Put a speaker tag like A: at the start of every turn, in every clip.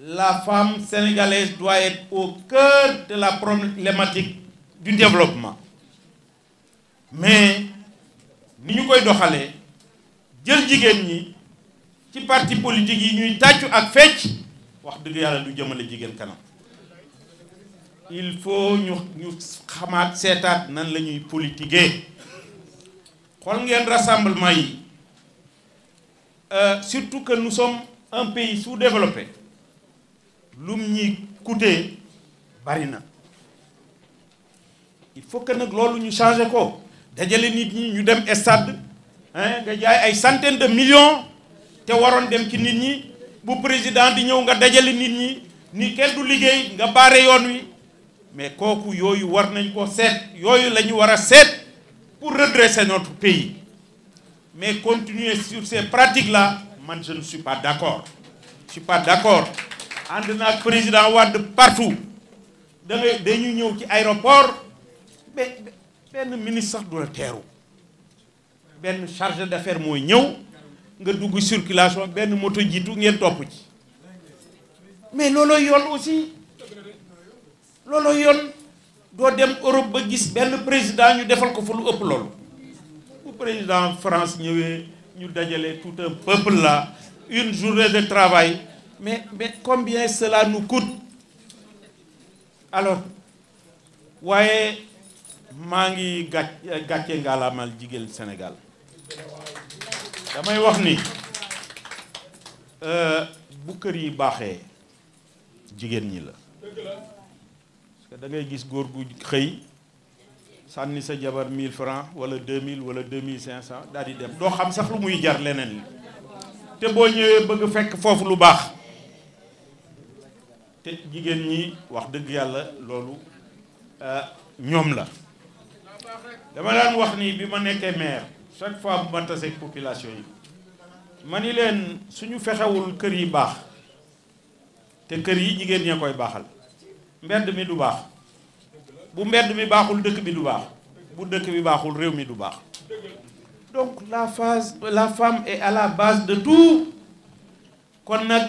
A: la femme sénégalaise doit être au cœur de la problématique du développement mais nous, ñu koy nous nous ci parti politique yi nous ak fecc wax il faut nous ñu xamaat nan la politiquer ngeen rassemblement euh, surtout que nous sommes un pays sous-développé Lumni ñi barina. il faut que nous loolu ñu changer ko dajale nit ñi ñu dem stade hein, nga jaay ay centaine de millions te waron dem ci nit ñi bu président di ñëw nga dajale nit ñi ni kenn du liggéey nga baare yoon wi mais kooku yooyu war nañ ko seet yoyu la wara war pour redresser notre pays mais continuer sur ces pratiques là man je ne suis pas d'accord je ne suis pas d'accord ànd naag président wad partout da ngay dañuy ñëw ci aéroport ben ministre sax du la Ben benn chargé d'affaires mooy ñëw nga dugg circulation ben moto jitu ngeen top ci mais lolo yoon aussi lolo yoon do dem Europe ba gis ben président ñu défal ko fu lu ëpp lool bu président France ñëwé ñu dajalé tout un peuple là une journée de travail mais, mais combien cela nous coûte alors waaye mangi ngi gàc gàcce Sénégal damay wax ni euh, bu kër yi Digel ñi la parce que da ngay gis góor gu xëy sànni sa jabar 1000 francs wala 2000 wala 2500 daal di dem doo xam sax lu muy jar leneen li te boo ñëwee bëgg fekk foofu lu baax té jigéen ñi wax dëgg yàlla loolu euh, ñoom la dama daan wax ni bi ma nekkee maire chaque fois bu ma tasee population yi ma ni leen suñu fexewul kër yi baax te kër yi jigéen ñee koy baaxal mbedd mi du baax bu mbedd mi baaxul dëkk bi du baax bu dëkk bi baaxul réew mi du baax donc la phase la femme est à la base de tout kon nag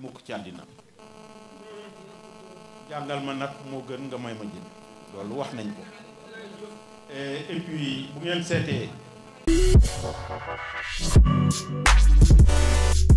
A: mukk ci àddina jàngal ma nag moo gën nga may ma jënd loolu wax nañ ko eh, et bu ngeen seetee